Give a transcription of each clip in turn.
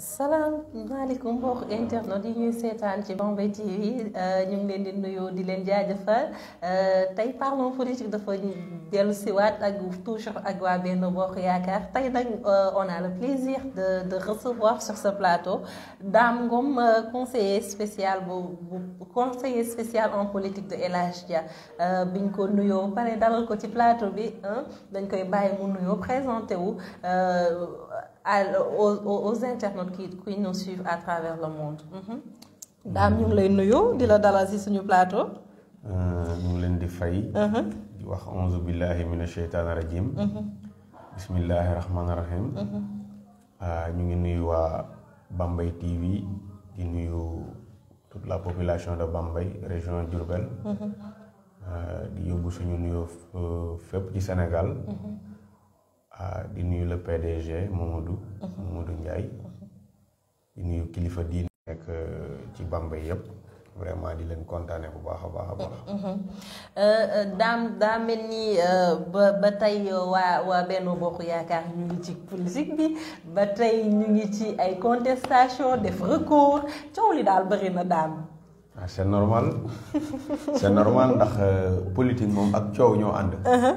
salaamaaleykum mbokk internet yi ñuy seetaan ci Bambey TV euh, ñu ngi leen di nuyoo di leen jaajëfal euh, tey parlons politique dafa dellu siwaat ak toujours ak waa benn bokk yaakaar tey nag euh, on a le plaisir de de recevoir sur ce plateau Dame Ngom conseiller spécial bu bu conseiller spécial en politique de El Hadj biñ ko nuyoo pare dalal ko ci plateau bi hein. dañ koy bàyyi mu nuyoo présenté wu aux, internautes qui nous suivent à travers le monde. Mhm. Dame, ñu lay la plateau. Euh, ñu di fay. Mhm. billahi minashaitan rajim. rahim. ñu ngi TV toute la population de Bambay, région Diourbel. Mhm. Euh, di yóbbu suñu euh, Fep, du Sénégal. Ah, di nuyu le PDG moom Mamadou Ndiaye. di nuyu kilifa diine nekk eh, ci Bambey yëpp vraiment di leen kontaane bu baax a baax a baax. Mm-hmm. Eh, eh, daam daa mel ba tey waa waa Benno Bokk Yaakaar ñu ngi ci politique bi ba tey ñu ngi ci ay contestation def recours coow li daal bëri na daam. ah c'est normal c'est normal ndax politique moom ak coow ñoo ànd. Uh-huh.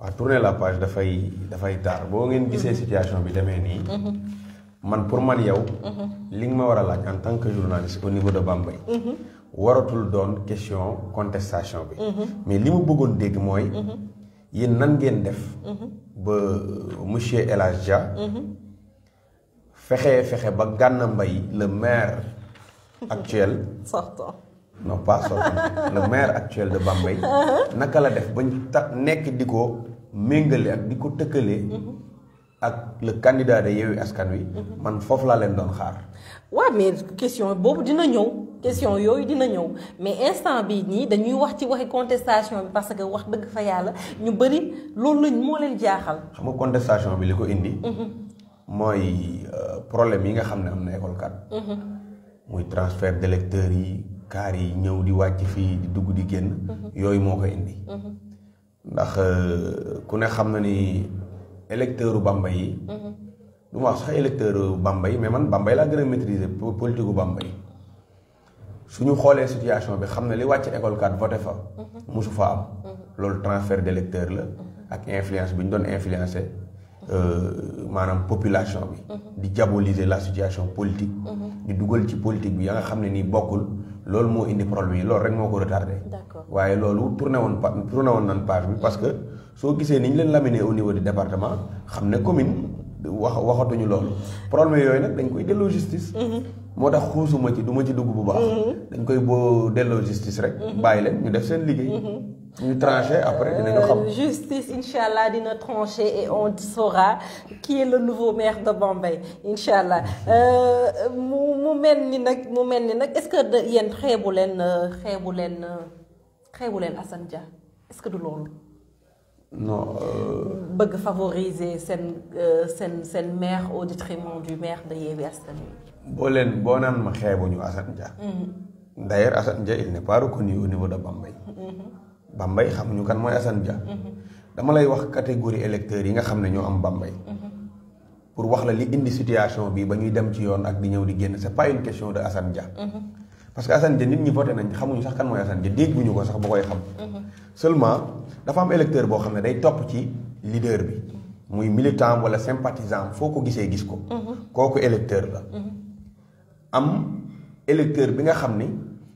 waaw tourner la page da fay tar bo ngeen gisee mhm. situation bi démé ni. Mhm. man pour man yow. Mhm. li nga ma war laaj en tant que journaliste au niveau de Bambey. waratul doon question contestation bi. mais limu mu bëggoon dégg mooy. yéen nan ngeen def. ba monsieur El Hadj fexé fexe ba Gana le maire actuel. sortant non pas Sokhna le maire actuel de Bambey. Uh-huh. naka la def ba ñu tax nekk di ko ak di ko uh-huh. ak le candidat de yewi Askan Wi. Uh-huh. man fof la len don xaar. wa mais question bobu dina ñew question yoyu dina ñew mais instant bi ni dañuy wax ci waxi contestation bi parce que wax dëgg fa yalla ñu bari loolu lañ moo leen jaaxal. xam contestation bi liko indi. moy euh, problème yi nga xam am na école kat. muy transfert d'électeurs yi. kaar yi ñëw di wàcc fii di dugg di génn mm-hmm. yooyu moo ko indi mm-hmm. ndax euh, ku ne xam na ni électeur Bambey yi mm-hmm. du ma wax sax électeuru Bambey mais man Bambey laa gën a maîtriser politique u Bambey suñu xoolee situation bi xam ne li wàcc école kat voté fa mosu fa am loolu transfert d'électeur la ak influence bi ñu doon influencer euh, maanaam population bi di diaboliser la situation politique di dugal ci politique bi ya nga xam ne nii bokkul loolu moo indi problème yi loolu rek moo ko retardé. waaye loolu tourné woon pa tourné woon nan page bi parce que soo gisee niñ ñu leen laminé au niveau du département xam ne commune wax waxatuñu loolu. problème yooyu nag dañ koy delloo justice. Mhm. moo tax xuusuma ci du ma ci dugg bu baax. Mhm. dañ koy boo delloo justice rek. Mhm. bàyyi leen ñu def seen liggéey une trancher après dinañu euh, justice Inch'Allah, allah dina et on saura qui est le nouveau maire de Bombay Inch'Allah. Euh, est-ce que de yéen xeebu leen xeebu très est-ce que du l'autre non. Euh, bëgg favoriser euh, seen seen maire au détriment du maire de Yewwi Askan Wi. boo leen boo naan ma mm-hmm. d'ailleurs Asanja, il n'est pas reconnu au niveau de Bombay mm-hmm. Bambey xamuñu kan mooy Assane Dia. Mhm. dama lay wax catégorie électeurs yi nga xam ne ñoo am Bambey. Mhm. pour wax la li indi situation bi ba ñuy dem ci yoon ak di ñëw di génn c'est pas une question de Assane Dia. Mhm. parce que Assane Dia nit ñi voté nañ xamuñu sax kan mooy Assane Dia dégguñu ko sax ba koy xam. seulement dafa am électeur boo xam ne day topp ci leader bi. muy militant wala sympathisant foo ko gisee gis ko. kooku électeur la. am électeur bi nga xam ni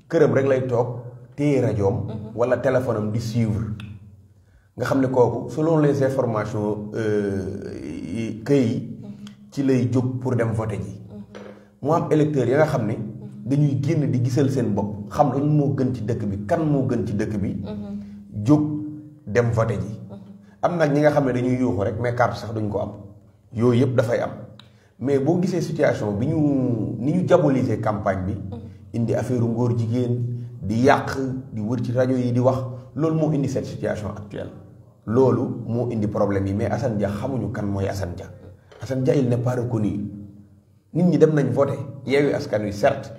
këram rek lay toog. téye radio mhm. wala téléphone am di suivre nga xam ne kooku selon les informations këy euh, yi mhm. ci lay jóg pour dem voté ji mhm. mu am électeur ya nga xam ne dañuy génn di gisal seen bopp xam lan moo gën ci dëkk bi kan moo gën ci dëkk bi jóg dem voté ji am nag ñi nga xam ne dañuy yuuxu rek mais carte sax duñ ko am yooyu yëpp dafay am mais boo gisee situation bi ñu ni ñu diaboliser campagne bi indi affaire ngóor jigéen di yàq di wër ci rajo yi di wax loolu moo indi cette situation actuelle loolu moo indi problème yi mais Assane Dia xamuñu kan mooy Assane Dia asan ja il n'est pas nit ñi dem nañ voté askan wi certes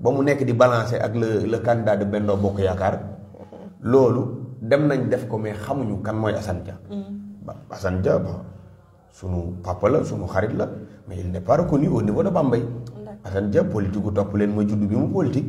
ba mu nekk di balancer ak le le candidat de Benno Yaakaar loolu dem nañ def ko mais xamuñu kan mooy Assane Dia ba Assane Dia ba sunu papa la sunu xarit la mais il n'est pas reconnu au niveau de Bambey Assane Dia politique gu topp leen mooy juddu bi mu politique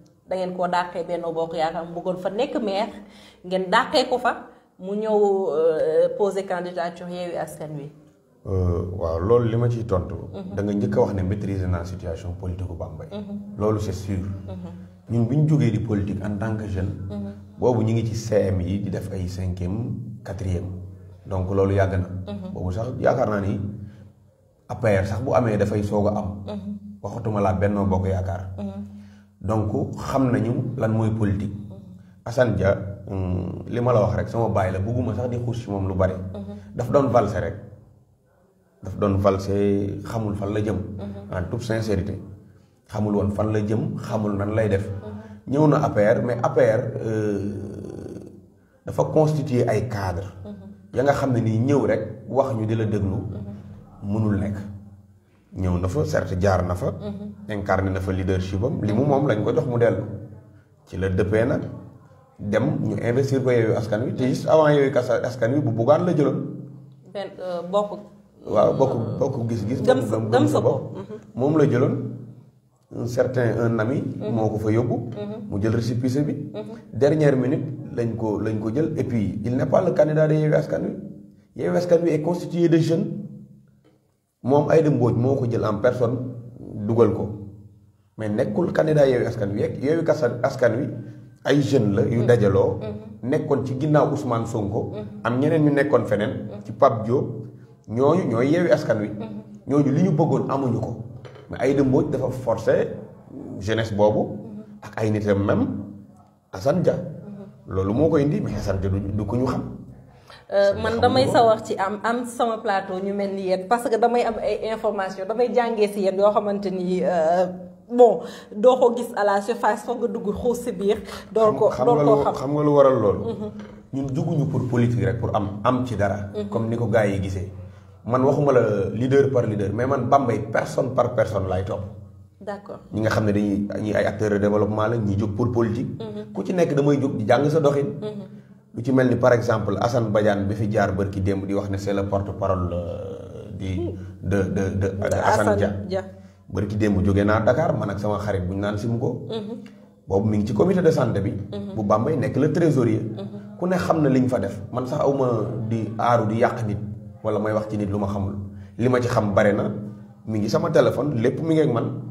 da ngeen koo dàqee Benno Bokk Yaakaar mu bëggoon fa nekk maire ngeen dàqee ko fa mu ñëw euh, poser candidature Yewwi Askan Wi. Euh, waaw loolu li ma ciy tontu. Mhm. da nga njëkk wax ne maîtriser naa situation politique bu Bambey. Mhm. loolu c'est sûr. Mhm. ñun bu ñu jógee di politique en tant que jeune. boobu ñu ngi ci CM yi di def ay cinquième quatrième donc loolu yàgg na. boobu sax yaakaar naa ni APR sax bu amee dafay soog a am. waxatuma laa Benno Bokk Yaakaar. donc xam nañu lan mooy politique Assane Dia li la wax rek sama bàyyi la bugguma sax di xuus ci lu bari mhm. daf don valse rek daf don valse xamul fan la jëm mhm. en toute sincérité xamul woon fan la jëm xamul nan lay def mhm. ñëw na APR mais APR euh, dafa constituer ay cadre ya nga xam ne nii rek wax ñu di la mënul ñëw na fa mm-hmm. certes jaar na fa. Mm-hmm. incarné na fa leadership am li mu moom lañ ko jox mu dellu. ci la dëppee nag dem ñu investir ko yooyu askan wi te juste avant yooyu askan wi bu buggaan la jëloon. benn euh, bokk. waaw bokk bokk gis-gis. gëm dem sa bopp mm-hmm. moom la jëloon. un certain un ami. moo ko fa yóbbu. mu jël récépissé bi. dernière minute lañ ko lañ ko jël et puis il n'est pas le candidat de Yewwi Askan Wi Yewwi Askan Wi est constitué de jeunes. moom Aïda Mbodj moo ko jël am personne dugal ko mais nekkul candidat Yewwi Askan Wi yeeg Yewwi Askan Wi ay jeunes la yu mm-hmm. dajaloo. Mm-hmm. nekkoon ci ginnaaw Ousmane Sonko. Mm-hmm. am ñeneen ñu nekkoon feneen. ci Pape Diop ñooñu ñooy Yewwi Askan Wi. ñooñu li ñu bëggoon amuñu ko mais Aïda Mbodj dafa forcer jeunesse boobu ak ay nitam même Assane Dia. loolu moo ko indi mais Assane Dia du ko ñu xam. Euh, man damay sawar ci am am sama plateau ñu mel ni yéen parce que damay am ay information damay jàngee si yéen yoo xamante ni euh, bon doo ko gis à la surface foog nga dugg xuus si biir. doo ko doo xam nga lu waral loolu. Mm-hmm. ñun juguñu pour politique rek pour am am ci dara. Mm-hmm. comme ni ko gars yi gisee. man waxuma la leader par leader mais man Bambey personne par personne lay topp. d'accord ñi nga xam ne dañuy ñi ay acteurs de développement la ñi jóg pour politique. Mm-hmm. ku ci nekk damay jóg di sa doxin. lu ci mel ni par exemple Assane Badiane bi fi jaar bërki démb di wax ne c'est le porte-parole euh, di hmm. de de de Assane Dia bërki démb jóge naa Dakar man ak sama xarit bu ñu naan simu ko hmm. boobu mu ngi ci commité de santé bi hmm. bu Bambey nekk le yi ku ne xam na li ñu fa def man sax awma di aaru di yàq nit wala may wax ci nit lu ma xamul li ma ci xam bare na mu ngi sama téléphone lépp mu ngi man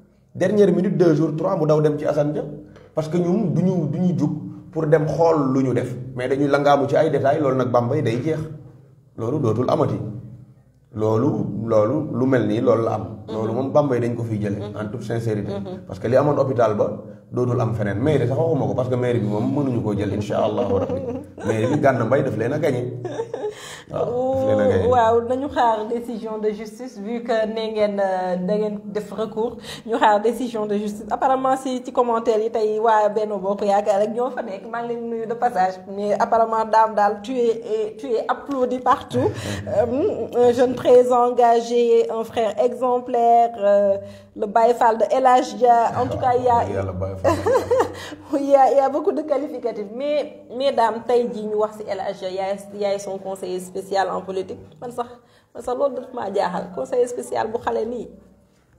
dernière minute deux jours trois mu daw dem ci Assane Dia parce que ñun du ñu du ñu jug pour dem xool lu ñu def mais dañuy langaamu ci ay détails loolu nag Bambey day jeex loolu dootul amati loolu loolu lu mel nii loolu la am. loolu moom Bambey dañ ko fiy jëlee. en toute sincérité. Mm-hmm. parce que li amoon hôpital ba. dootul am feneen mairie sax waxuma ko parce que maire bi moom mënuñu koo jël insha allahu rabbi mairie bi Gana mbay daf leen a gañe waaw nañu xaar décision de justice vu que ne ngeen euh, da ngeen def recours ñu xaar décision de justice apparemment si ci commentaire yi tey waa benn Bokk Yaakaar ak ñoo fa nekk maa ngi leen nuyu de passage mais apparemment daam daal tu es euh, tu es applaudi partout euh, hum, un jeune très engagé un frère exemplaire le Baye Fall de El en tout cas il y a il, y a, il y a beaucoup de qualificatifs mais madame daam tey ñu wax ci El yaay son conseiller spécial en politique man sax man sax loolu daf maa jaaxal conseiller spécial bu xalé ni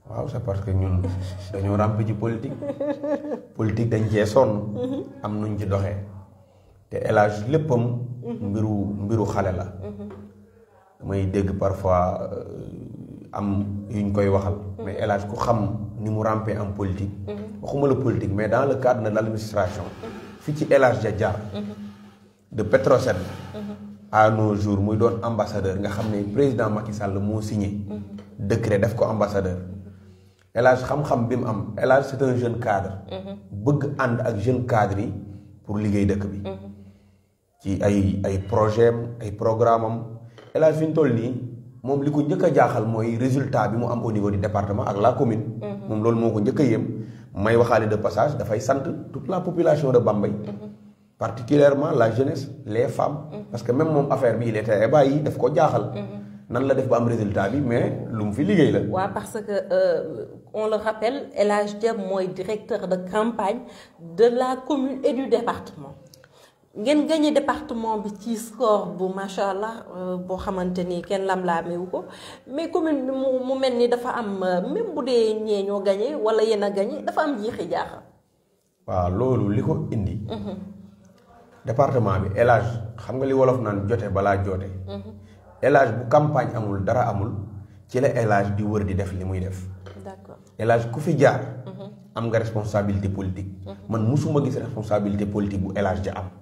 waaw c'est parce que ñun dañu ràmp ci politique politique dañ cee sonn. Mhm. am nuñ ci doxee té El leppam mhm. mbiru mbiru xalé la. Mhm. may dégg parfois. Euh, am yuñ koy waxal. mais El Hadj ku xam ni mu ramper en politique. Mm-hmm. waxuma la politique mais dans le cadre de l'administration, administration. Mm-hmm. fi ci El mm-hmm. de Petrosen. à nos jours muy doon ambassadeur nga xam ne président Macky Sall moo signé. décret def ko ambassadeur. El xam-xam bi mu am El c' est un jeune cadre. bëgg ànd ak jeune cadre yi pour liggéey dëkk bi. ci ay ay projet ay programme am El mom liko ñëk a jaaxal moy résultat bi mu au niveau du département ak la commune. mom mhm. lool moko ñëk yëm may waxaale de passage fay sante toute la population de Bambay. Mhm. particulièrement la jeunesse les femmes. Mhm. parce que même mom affaire bi il était bayyi daf ko jaaxal. nan la def ba am résultat bi mais lu mu fi liggéey la. wa parce que euh, on le rappelle elle a été directeur de campagne de la commune et du département ngeen gagné département bi ci score bu macha allah euh, boo xamante ni kenn lam-laamewu ko mais commune bi mu melni dafa am euh, même bu dee ñee ñoo gagné wala yena a gagné dafa am jiixi jaaxa. wa lolu liko indi. Mhm. département bi élage xam nga li wolof nan joté bala joté élage mhm. bu campagne amul dara amul ci la élage di wër di def li muy def. d'accord élage ku fi jaar. Mhm. am nga responsabilité politique. man musuma gis responsabilité politique bu élage ja am.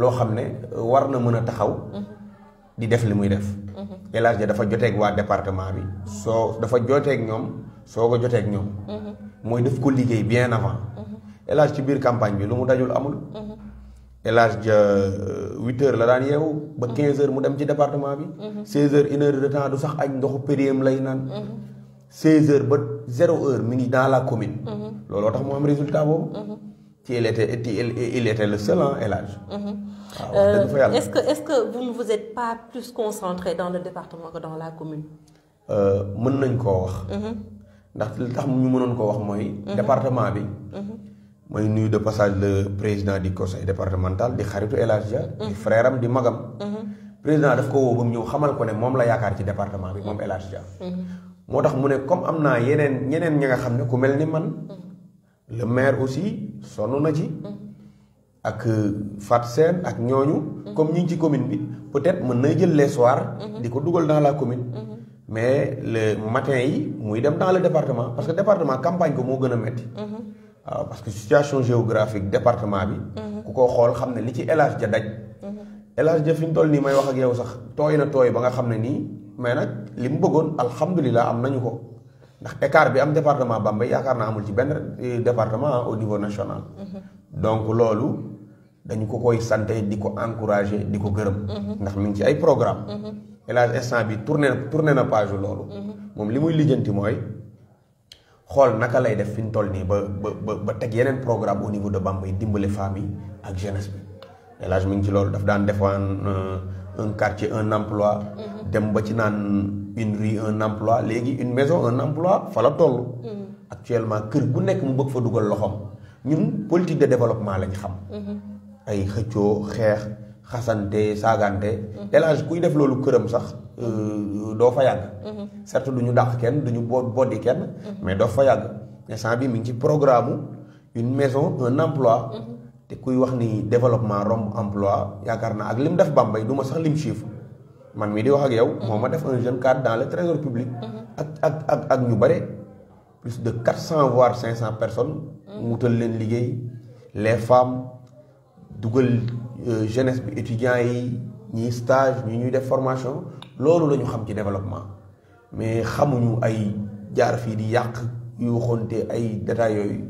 loo xam ne euh, war na mën a taxaw mhm. di def li muy def mhm. El dafa joteeg waa département bi soo dafa joteeg ñoom soo ko joteek ñoom mhm. mooy def ko liggéey bien avant El ci biir campagne bi lu mu dajul amul El Hadj euh, huit la daan yeewu ba quinze heures mu dem ci département bi seize heures une heure de temps du sax añ ndoxu périm lay naan seize heures ba zéro heure mi ngi dans la commune looloo tax mu am résultat boobu il était, il était le seul en Elage. Mm -hmm. euh, est-ce que, est que vous ne vous êtes pas plus concentré dans le département que dans la commune euh, mën nañ koo wax. Mm-hmm. ndax li tax ñu mënoon koo wax mooy. Mm-hmm. département bi. Mm-hmm. mooy nuyu de passage le président du conseil départemental di xaritu Elage Dia. di frère am di magam. président daf ko woo ba mu ñëw xamal ko ne moom la yaakaar ci département bi moom Elage Dia. moo tax mu ne comme am naa yeneen ñeneen ñi nga xam ne ku mel ni le maire aussi sonn na ci. Mm-hmm. ak Fat Seen ak ñooñu. Mm-hmm. comme ñu ngi ci commune bi peut-être mën na jël les soirs. Mm-hmm. di ko dugal dans la commune. mais le matin yi muy dem dans le département parce que département campagne ko moo gën a metti. waaw ah, parce que situation géographique département bi. ku ko xool xam ne li ci El ja daj. El Hadj ja fi ñu toll nii may wax ak yow sax tooy na tooy ba nga xam ne nii mais nag li mu bëggoon alhamdulilah am nañu ko. ndax écart bi am département Bambey yaakaar naa amul ci benn eh, département au niveau national. Mhm. donc loolu dañu ko koy sante di ko encourager di ko gërëm. Mhm. ndax mi ci ay programme mhm. El Hadj instant bi tourné tourné na page loolu. moom li muy lijjanti mooy xool naka lay def fi ñu toll nii ba ba ba teg yeneen programme au niveau de Bambey dimbale femmes yi ak jeunesse bi El Hadj mi ngi ci loolu daf daan defaan euh, un quartier un emploi. dem ba ci naan une rue un emploi une maison un emploi fala mm-hmm. actuellement kër gu nek mu bëgg fa ñun politique de développement lañ xam. Mm-hmm. ay xex, élage mm-hmm. kuy def qui sax euh, do fa certes ñu kenn duñu mais do fa bi mi ngi ci programme une maison un emploi. Té kuy wax ni développement romb emploi yaakar na ak lim def lim chiffre man mii di wax ak yow moo def un jeune cadre dans le trésor public mhm. ak ak ak ñu bare plus de 400 voire 500 personnes mhm. wutal leen liggéey les femmes dugal euh, jeunesse bi étudiants yi ñiy stage ñi ñuy def formation loolu la ñu xam ci développement mais xamuñu ay jaar fii di yàq yu waxoonte ay détails yooyu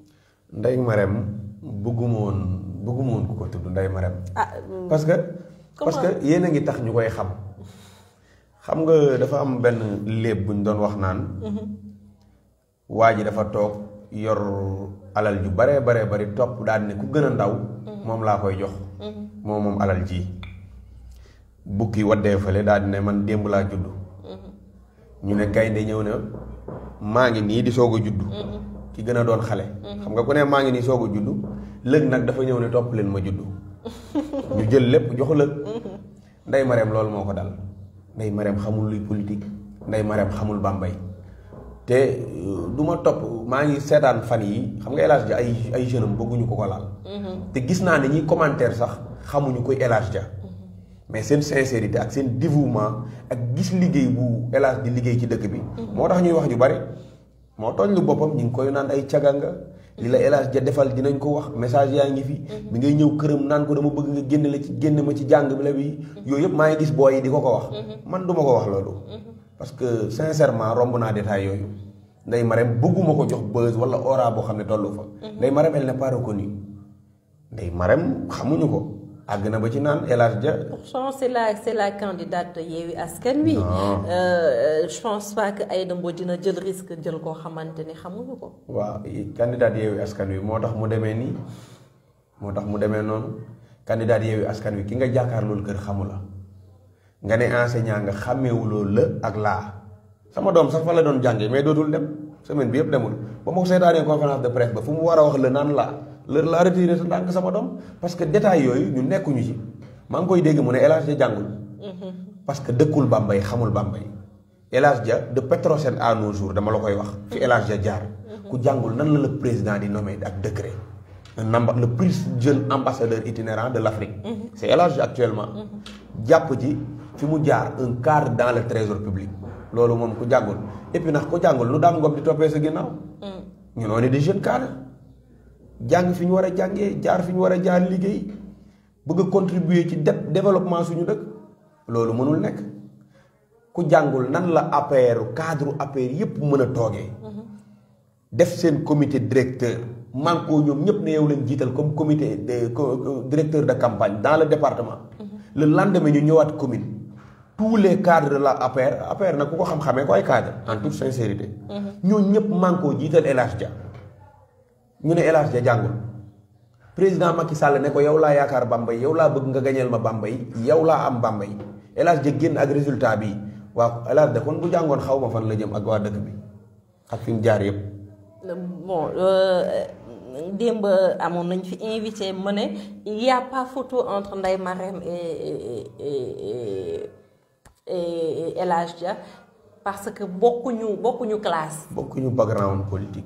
nday marem bëgguma woon bëgguma woon ku ko tudd nday marem ah, mm. parce que parce que yéen a ngi tax ñu koy xam xam nga dafa am benn léeb buñ doon wax naan mhm. waa ji dafa toog yor alal ju bare bare bari topp daal ne ku gën a ndaw mhm. moom laa koy jox mhm. moom moom alal ji bukki waddee fële daal ne man démb laa judd ñu ne gaynde ñëw na maa ngi nii di soog a judd ki gën a doon xale. xam nga ku ne maa ngi nii soog a juddu lëg nag dafa ñëw ne topp leen ma juddu. ñu jël lépp joxu lëg. nday mareem loolu moo ko dal nday mareem xamul luy politique nday mareem xamul bàmbay te euh, du ma topp maa ngi seetaan fan yi xam nga El Hadj ay ay jeunes am bëgguñu ko ko laal. Mhm. te gis naa ni ñuy commentaire sax xamuñu koy El Hadj mhm. mais seen sincérité ak seen dévouement ak gis liggéey bu El Hadj di liggéey ci dëkk bi. Mhm. moo tax ñuy wax ju bari. moo tooñ lu boppam ñu ngi koy naan ay caga li la El Hadj ja defal dinañ ko wax message yaa ngi fi. bi mhm. ngay ñëw këram naan ko dama bëgg nga génn la ci génn ma ci jàng bi la bi mhm. yooyu yëpp maa ngi gis booy yi di ko ko wax. Mhm. man du ko wax loolu. parce que sincèrement romb naa détail yooyu. Ndeye Marème bëgguma ko jox buzz wala aura boo xam ne tollu fa. Ndeye Marème elle n'est pas reconnue. Ndeye Marème xamuñu ko. àgg na ba ci nan El ja pourtant c'est la c'est la candidate Yewwi Askan Wi. euh je pense pas que Aïda Mbodj dina jël risque jël ko xamanteni ni xamuñu ko. waaw candidate Yewwi Askan Wi motax mu demee ni motax mu demee non candidate Yewwi Askan Wi ki nga jakar lol keur xamula nga ne enseignant nga lol la ak la sama dom sax fa la doon jàngee mais dootul dem semaine bi yëpp demul ba ma ko seetaanee conférence de presse ba fu mu war a wax la naan laa. lër la retiré sa ndànk sama doom parce que détails yooyu ñu nekkuñu ci maa ngi koy dégg mu ne El Hadj jàngul. parce que dëkkul Bambey xamul Bambey. El Hadj Dia de Petrosen à nos jours dama la koy wax. fi El Hadj jaar. ku jàngul nan la le président di nommé ak décret. un amba le plus jeune ambassadeur itinérant de l' Afrique. c' est El Hadj Dia actuellement. jàpp ji fi mu jaar un cadre dans le trésor public. loolu moom ku jàngul et puis ndax ku jàngul lu daan ngoom di toppee sa ginnaaw. Mm. jàng fi ñu war a jàngee jaar fi ñu war a jaar liggéey bëgg a contribuer ci développement suñu dëkk loolu mënul nekk ku jàngul nan la APR cadre APR yépp mën a toogee. Mm-hmm. def seen comité directeur man koo ñoom ñëpp ne yow lañ jiital comme comité de directeur de campagne dans le département. Mm-hmm. le lendemain ñu ñëwaat commune. tous les cadres la APR APR nag ku ko xam-xamee ko ay cadres en toute sincérité. Mm-hmm. ñooñu ñëpp man koo jiital El Hadj ñu ne El Hadj jàngul président Macky Sall ne ko yow laa yaakaar Bambey yow laa bëgg nga gañeel ma Bambey yow laa am Bambey El Hadj ja génn ak résultat bi waaw El Hadj da kon bu jàngoon xaw ma fan la jëm ak waa dëkk bi ak fi mu jaar yëpp. bon euh, démb amoon nañ fi invité ma ne il y a pas photo entre Ndeye Marème et et El parce que bokkuñu bokkuñu classe. bokkuñu background politique.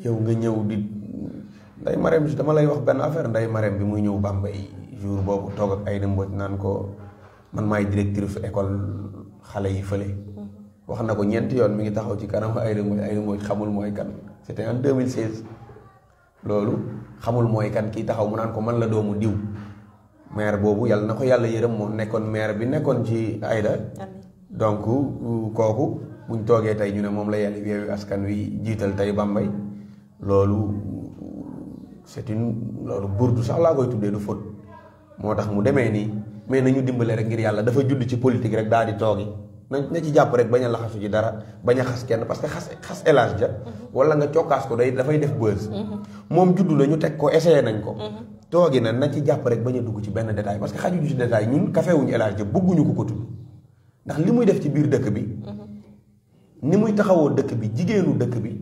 yow nga ñëw di nday mareem dama lay wax benn affaire nday mareem bi muy ñëw Bambey jour boobu toog ak ay dëmbooj naan ko man maay directrice école xale yi fële mm-hmm. wax na ko ñeenti yoon mi ngi taxaw ci kanam ay dëmbooj ay dëmbooj xamul mooy kan c'était en 2016 loolu xamul mooy kan kii taxaw mu naan ko man la doomu diw maire boobu yàlla na ko yàlla yërëm moo nekkoon maire bi nekkoon ci Aïda donc kooku buñ toogee tey ñu ne moom la yàlla yeewi askan wi jiital tey Bambey loolu c'est une loolu burdu sax laa koy tuddee du fóot moo tax mu demee nii mais nañu dimbale rek ngir yàlla dafa judd ci politique rek daal di toogi nañ na ci jàpp rek bañ a laxasu ci dara bañ a kenn parce que xas xas élage mhm. ja nga cokkaas ko day dafay def buzz mhm. moom juddu la ñu teg ko essayé nañ ko mhm. toogi na nañ ci jàpp rek bañ a dugg ci benn détail parce que xajuñu ci détail ñun kafewuñu élage ja bëgguñu ko ko tudd ndax li muy def ci biir dëkk bi ni muy taxawoo dëkk bi jigéenu dëkk bi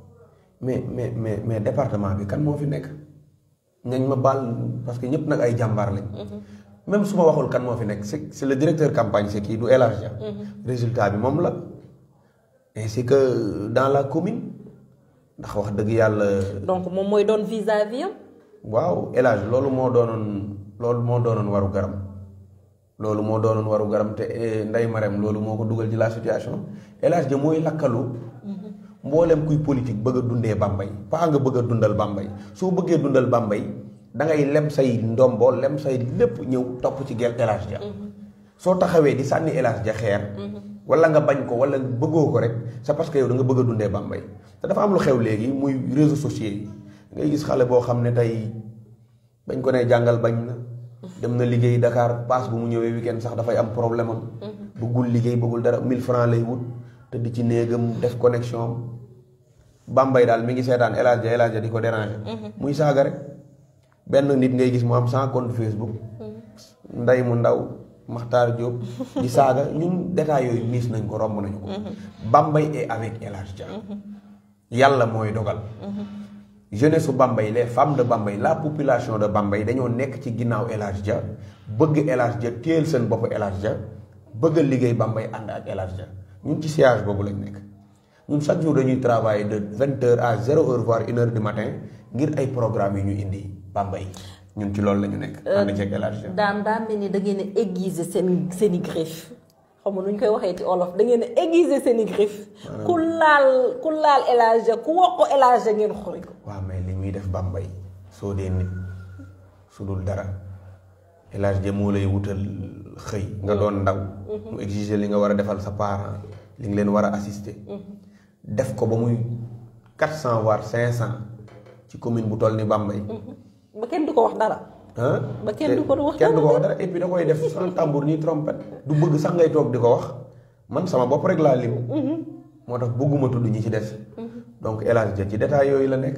mais mais mais mais département bi kan moo fi nekk nañ ma baal parce que ñëpp nag ay jàmbaar lañ. Mm-hmm. même su ma waxul kan moo fi nekk c' est le directeur campagne c' kii du élargir. Mm-hmm. résultat bi moom la. ainsi que dans la commune ndax wax dëgg yàlla. donc moom mooy doon vis à waaw élage loolu moo doonoon loolu moo doonoon waru garam loolu moo doonoon waru garam te eh, Ndeye Marème loolu moo ko dugal ci la situation élage de mooy lakkalu. mboolem kuy politique bëgg a dundee bambay paa nga bëgg a dundal bambay soo bëggee dundal bambay da ngay lem say ndombo lem say lépp ñëw topp ci gel elage ja mhm. soo taxawee di sànni elage ja xeer mhm. wala nga bañ ko wala bëggoo ko rek c'est parce que yow da nga bëgg a bambay te dafa am lu xew léegi muy réseaux sociaux ngay gis xale boo xam ne bañ ko ne bañ na dem na liggéey Dakar pas bu mu kian weekend sax dafay am problème bugul mhm. bëggul liggéey bëggul dara 1000 francs lay wut tëdd ci néegam def connexion bambay daal mi ngi seetaan El Hadj El Hadj di ko déranger. Mhm. muy saaga rek benn nit ngay gis mu am sans compte Facebook. Mhm. nday mu ndaw Makhtar Diop di saaga ñun détails yooyu miis nañ ko romb nañu ko. Mhm. bambay est avec El Hadj yàlla mooy dogal. jeunesse su Bambey les femmes de Bambey la population de Bambey dañoo nekk ci ginnaaw El Hadj Dia bëgg El Hadj Dia seen bopp El Hadj Dia bëgg liggéey Bambey ànd ak El Hadj ñun ci siège boobu lañ nekk ñun chaque jour dañuy travailler de vingt heures à zéro heure voire une heure du matin ngir ay programme yi ñu indi Bambey ñun ci loolu la ñu nekk. ànd ceeg élargir. daan daa mel ni da ngeen a aiguiser seen seen i griffe xam nga nu ñu koy waxee ci olof da ngeen a aiguiser seen i griffe. ku laal ku laal élargir ku wax ko élargir ngeen xool ko. waaw mais li muy def Bambey soo dee nit su dul dara. elage de mo lay wutal xey nga doon ndaw mhm. mu exiger li nga wara defal sa parent li nga len wara assister mhm. def ko ba muy 400 voire 500 ci commune bu toll ni bambay mhm. ba kenn du ko wax dara hein ba kenn du ko wax kenn du ko wax dara et puis da koy def sans tambour ni trompette du bëgg sax ngay di diko wax man sama bop rek la lim motax bëgguma tuddu ñi ci def donc elage de ci détail yoyu la nek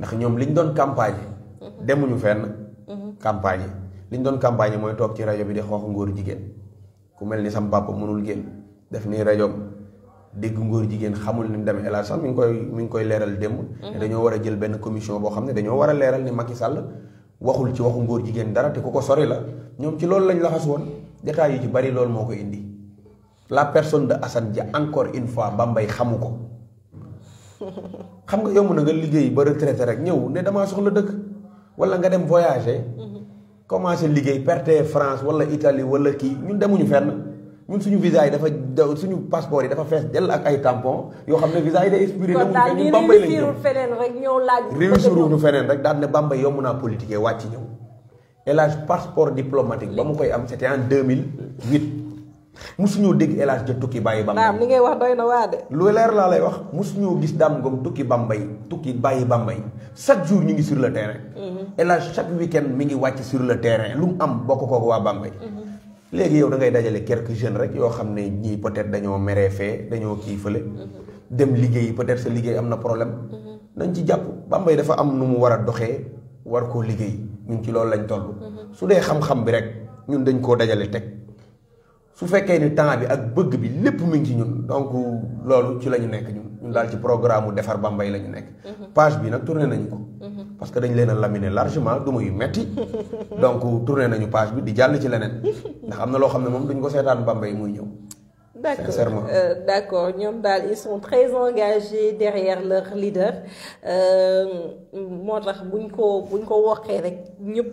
ndax ñoom liñ doon campagne mhm. demuñu fenn mhm. campagne liñ doon campagne mooy toog ci rajo bi di xoox ngóor jigéen ku mel ni sam papa mënul génn def nii rajoom dégg ngóor jigéen xamul ni mu demee El sax mi ngi koy mi ngi koy leeral démb mhm. ne dañoo war a jël benn commission boo xam ne dañoo war a leeral ni Macky Sall waxul ci waxu ngóor jigéen dara te ku ko sori la ñoom ci loolu lañ laxas woon détails yi ci bari loolu moo ko indi la personne de Assane ja encore une fois Bambey xamu ko xam nga yomb na nga liggéey ba retraité rek ñëw ne damaa soxla dëkk wala nga dem voyager. commencé liggéey perte France wala Italie wala kii ñun demuñu fenn ñun suñu visa yi dafa suñu passeport yi dafa fees dell ak ay tampon yoo xam ne visa yi day expiré. demuñu fenn ñun Bambey lañu ñëw feneen rek ñëw laaj. réussir ñu feneen rek daal ne Bambey yomb naa politique wàcc ñëw El Hadj passeport diplomatique ba mu koy am c'était mille 2008. musuñoo dégg El Hadj tukki bàyyi Bambey. naam li ngay wax doy na waa de. lu leer laa lay wax suñoo gis Dame Ngom tukki Bambey tukki bàyyi Bambey chaque jour ñu ngi sur le terrain. Mhm. El Hadj chaque week-end mi ngi wàcc sur le terrain lu mu am bokk kooku waa Bambey. Mhm. léegi yow da ngay dajale quelques jeunes rek yoo xam ne ñii peut dañoo meree fee dañoo kii fële. Mhm. dem liggéey peut-être sa liggéey am na problème. nañ ci jàpp Bambey dafa am nu mu war a doxee war koo liggéey ñun ci loolu lañ toll. su dee xam-xam bi ñun dañ koo dajale teg. su fekkee ni temps bi ak bëgg bi lépp mu ngi ci ñun donc loolu ci la ñu nekk ñun ñun daal ci programme mu defar Bambey la ñu nekk. Mhm. page bi nag tourné nañu ko. Mhm. parce que dañ leen a laminé largement duma yu metti donc tourné nañu page bi di jàll ci leneen ndax am na loo xam ne moom dañ ko seetaan Bambey muy ñëw. D'accord. Euh, d'accord. Ñoom daal ils sont très engagés derrière leur leader euh, moo tax buñ ko buñ ko waxee rek ñëpp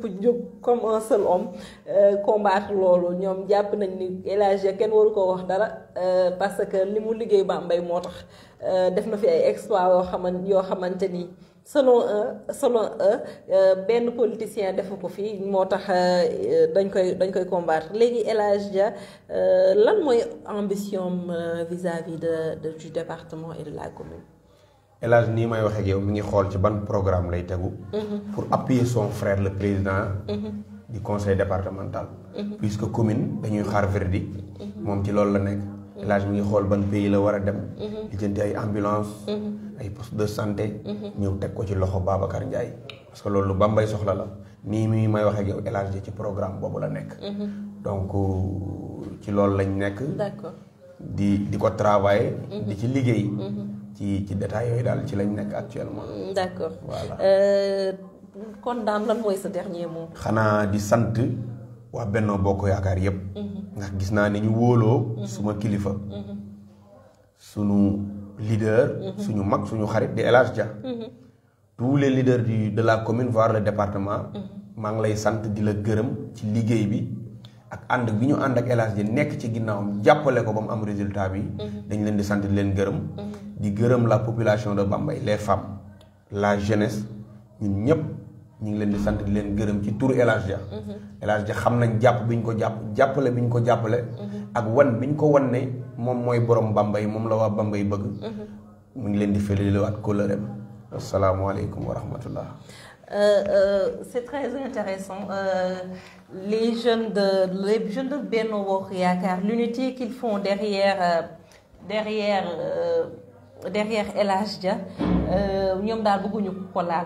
comme un seul homme euh, combattre lolo. ñoom jàpp nañ ni El Hadji kenn waru ko wax dara euh, parce que li mu liggéey Bambey moo tax def na fi ay exploits yoo xamante selon eux, selon eux, ben politicien defu ko fii moo euh, dañ koy dañ koy combattre léegi El Hadj euh, lan moy ambition euh, vis-à-vis de du département et de la commune. El ni je may wax ak yow mi ngi xol ci ban programme lay mhm. pour appuyer son frère le président. Mhm. du conseil départemental. Mhm. puisque commune dañuy xaar verdi. mom ci loolu la nek El mi ngi xol ban pays la wara a dem. lijjanti ay ambulance ay poste de santé ñëw teg ko ci loxo Babacar Ndiaye parce que loolu Bambey soxla la nii mi may wax ak yow élargi ci programme boobu la nekk donc ci loolu lañ nekk di di ko travailler eh. di ci liggéey ci ci détails yooyu daal ci lañ nekk actuellement d'accord voilà kon daam lan mooy sa dernier mot xanaa di sante, waa bennoo bokk yaakaar yépp eh. ndax gis naa ni ñu wóoloo suma kilifa sunu leader mhm. suñu mag suñu xarit di El Hadj Dia mhm. tous les leaders de la commune voire le département mhm. maa ngi lay sant di la gërëm ci liggéey bi ak ànd bi ñu ànd ak El Hadj nekk ci ginnaawam jàppale ko ba mu am résultat bi dañ leen di sant di leen gërëm di gërëm la population de Bambey les femmes la jeunesse ñun ñëpp ñu ngi leen di sant di leen gërëm ci tour El Hadj Dia. Mhm. El Hadj xam nañ jàpp bi ko japp jàppale biñ ko jàppale. Mhm. ak wan biñ ko wonné mom moy borom bambay mom la wa bambay bëgg. Mhm. mu ngi leen di wat félicité kóllëreem. asalaamaaleykum wa rahmatullah. Euh, euh, c'est très intéressant. Euh, les jeunes de les jeunes de Benno Bokk Yaakaar l'unité qu'ils font derrière derrière derrière El Hadj Dia ñoom daal ñu ko laal.